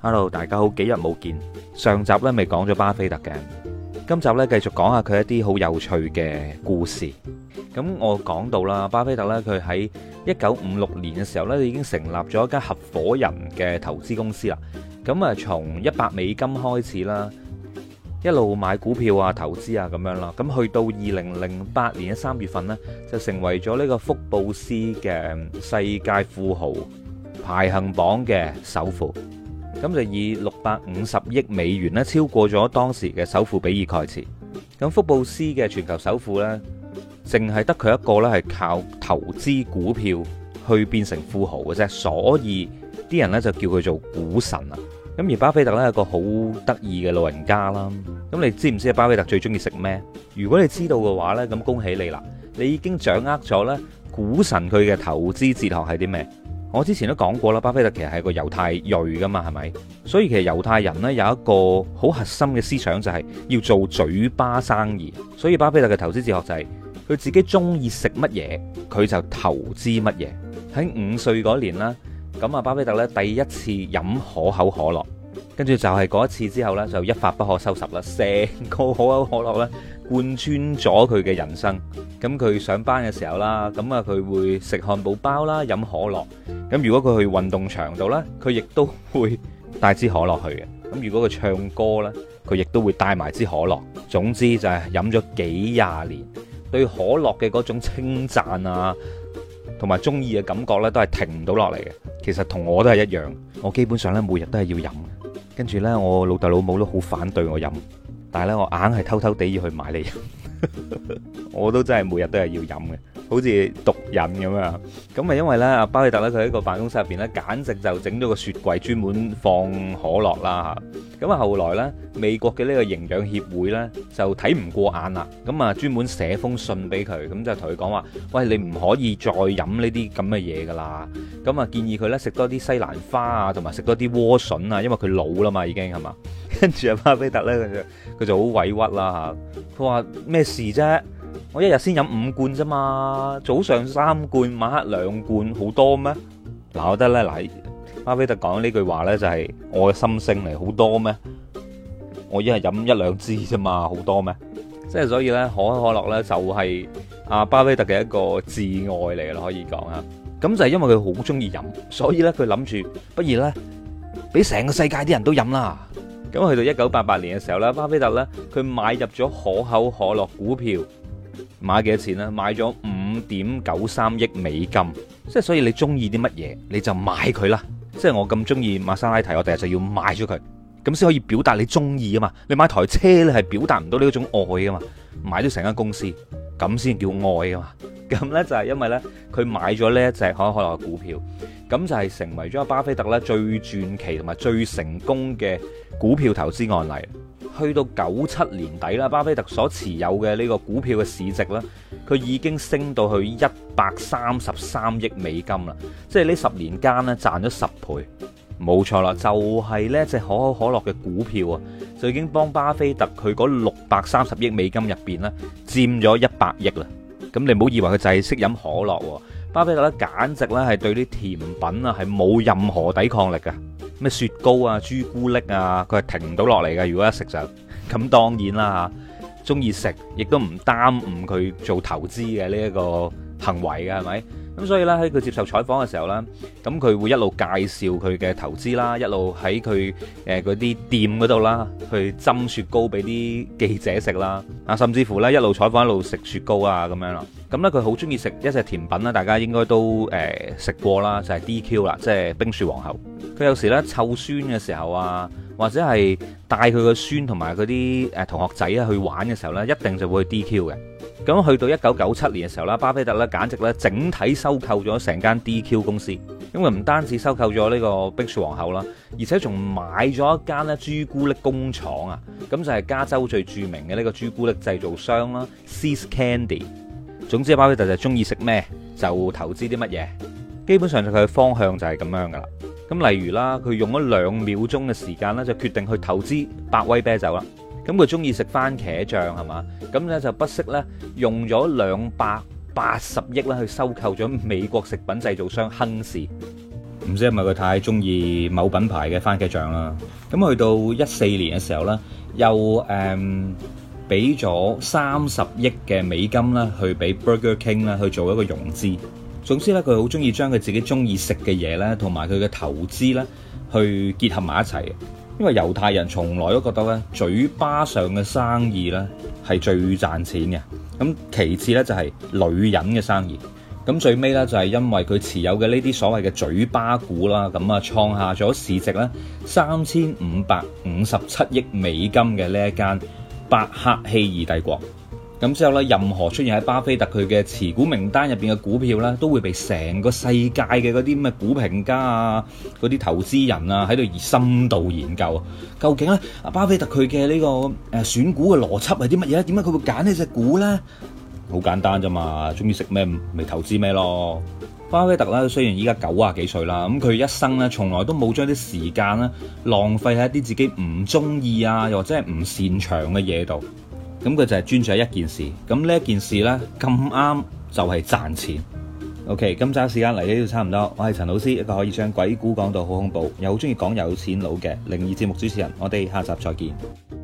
Hello，大家好，幾日冇見。上集咧咪講咗巴菲特嘅，今集咧繼續講下佢一啲好有趣嘅故事。咁我講到啦，巴菲特咧佢喺一九五六年嘅時候咧已經成立咗一間合夥人嘅投資公司啦。咁啊，從一百美金開始啦，一路買股票啊、投資啊咁樣啦。咁去到二零零八年嘅三月份咧，就成為咗呢個福布斯嘅世界富豪排行榜嘅首富。咁就以六百五十億美元咧，超過咗當時嘅首富比爾蓋茨。咁福布斯嘅全球首富呢，淨係得佢一個呢係靠投資股票去變成富豪嘅啫。所以啲人呢，就叫佢做股神啊。咁而巴菲特呢，係個好得意嘅老人家啦。咁你知唔知巴菲特最中意食咩？如果你知道嘅話呢，咁恭喜你啦，你已經掌握咗呢「股神」佢嘅投資哲學係啲咩？我之前都講過啦，巴菲特其實係個猶太裔㗎嘛，係咪？所以其實猶太人呢，有一個好核心嘅思想，就係要做嘴巴生意。所以巴菲特嘅投資哲學就係：佢自己中意食乜嘢，佢就投資乜嘢。喺五歲嗰年啦，咁啊巴菲特咧第一次飲可口可樂。跟住就係嗰一次之後呢就一發不可收拾啦！成個可口可樂呢，貫穿咗佢嘅人生。咁佢上班嘅時候啦，咁啊佢會食漢堡包啦，飲可樂。咁如果佢去運動場度呢，佢亦都會帶支可樂去嘅。咁如果佢唱歌呢，佢亦都會帶埋支可樂。總之就係飲咗幾廿年，對可樂嘅嗰種稱讚啊，同埋中意嘅感覺呢，都係停唔到落嚟嘅。其實同我都係一樣，我基本上呢每日都係要飲。跟住咧，我老豆老母都好反對我飲，但係咧，我硬係偷偷地要去買嚟飲， 我都真係每日都係要飲嘅。好似毒癮咁樣，咁啊因為咧阿巴菲特咧佢喺個辦公室入邊咧，簡直就整咗個雪櫃專門放可樂啦嚇，咁啊後來咧美國嘅呢個營養協會咧就睇唔過眼啦，咁啊專門寫封信俾佢，咁就同佢講話，喂你唔可以再飲呢啲咁嘅嘢㗎啦，咁啊建議佢咧食多啲西蘭花啊，同埋食多啲萵筍啊，因為佢老啦嘛已經係嘛，跟住阿巴菲特咧佢就佢就好委屈啦嚇佢話咩事啫？我一日先飲五罐啫嘛，早上三罐，晚黑兩罐，好多咩？嗱，我覺得咧，嗱巴菲特講呢句話咧，就係我嘅心聲嚟，好多咩？我一日飲一兩支啫嘛，好多咩？即係所以咧，可口可樂咧就係阿巴菲特嘅一個至愛嚟嘅，可以講啊。咁就係因為佢好中意飲，所以咧佢諗住不如咧俾成個世界啲人都飲啦。咁去到一九八八年嘅時候咧，巴菲特咧佢買入咗可口可樂股票。買幾多錢咧？買咗五點九三億美金，即係所以你中意啲乜嘢你就買佢啦。即係我咁中意馬莎拉提，我第日就要買咗佢，咁先可以表達你中意啊嘛。你買台車你係表達唔到呢種愛吖嘛。買咗成間公司咁先叫愛啊嘛。咁呢就係因為呢，佢買咗呢一隻可口可樂嘅股票，咁就係成為咗巴菲特咧最傳奇同埋最成功嘅股票投資案例。去到九七年底啦，巴菲特所持有嘅呢個股票嘅市值咧，佢已經升到去一百三十三億美金啦。即係呢十年間呢，賺咗十倍，冇錯啦，就係呢隻可口可樂嘅股票啊，就已經幫巴菲特佢嗰六百三十億美金入邊呢佔咗一百億啦。咁你唔好以為佢就係識飲可樂，巴菲特咧簡直咧係對啲甜品啊係冇任何抵抗力嘅。咩雪糕啊、朱古力啊，佢係停唔到落嚟㗎。如果一食就，咁當然啦吓，中意食亦都唔耽誤佢做投資嘅呢一個行為嘅，係咪？咁所以咧，喺佢接受採訪嘅時候呢，咁佢會一路介紹佢嘅投資啦，一路喺佢誒嗰啲店嗰度啦，去斟雪糕俾啲記者食啦，啊甚至乎呢，一路採訪一路食雪糕啊咁樣咯。咁呢，佢好中意食一隻甜品啦，大家應該都誒食過啦，就係 DQ 啦，即係冰雪皇后。佢有時呢，湊孫嘅時候啊，或者係帶佢個孫同埋嗰啲誒同學仔啊去玩嘅時候呢，一定就會去 DQ 嘅。咁去到一九九七年嘅時候啦，巴菲特咧簡直咧整體收購咗成間 DQ 公司，因為唔單止收購咗呢個碧雪皇后啦，而且仲買咗一間咧朱古力工廠啊，咁就係加州最著名嘅呢個朱古力製造商啦 See's Candy。總之，巴菲特就中意食咩就投資啲乜嘢，基本上佢嘅方向就係咁樣噶啦。咁例如啦，佢用咗兩秒鐘嘅時間咧，就決定去投資百威啤酒啦。咁佢中意食番茄醬係嘛？咁咧就不惜咧用咗兩百八十億咧去收購咗美國食品製造商亨氏。唔知係咪佢太中意某品牌嘅番茄醬啦？咁去到一四年嘅時候咧，又誒俾咗三十億嘅美金啦去俾 Burger King 啦去做一個融資。總之咧，佢好中意將佢自己中意食嘅嘢咧，同埋佢嘅投資咧去結合埋一齊。因為猶太人從來都覺得咧嘴巴上嘅生意咧係最賺錢嘅，咁其次咧就係女人嘅生意，咁最尾咧就係因為佢持有嘅呢啲所謂嘅嘴巴股啦，咁啊創下咗市值咧三千五百五十七億美金嘅呢一間白克希爾帝國。咁之後咧，任何出現喺巴菲特佢嘅持股名單入邊嘅股票咧，都會被成個世界嘅嗰啲咩股評家啊，嗰啲投資人啊喺度深度研究，究竟咧阿巴菲特佢嘅呢個誒選股嘅邏輯係啲乜嘢？點解佢會揀呢隻股咧？好簡單咋嘛，中意食咩咪投資咩咯。巴菲特呢，雖然依家九啊幾歲啦，咁佢一生咧從來都冇將啲時間咧浪費喺一啲自己唔中意啊，又或者係唔擅長嘅嘢度。咁佢就係專注喺一件事，咁呢一件事呢，咁啱就係賺錢。OK，今集時間嚟到呢度差唔多，我係陳老師，一個可以將鬼故講到好恐怖，又好中意講有錢佬嘅靈異節目主持人，我哋下集再見。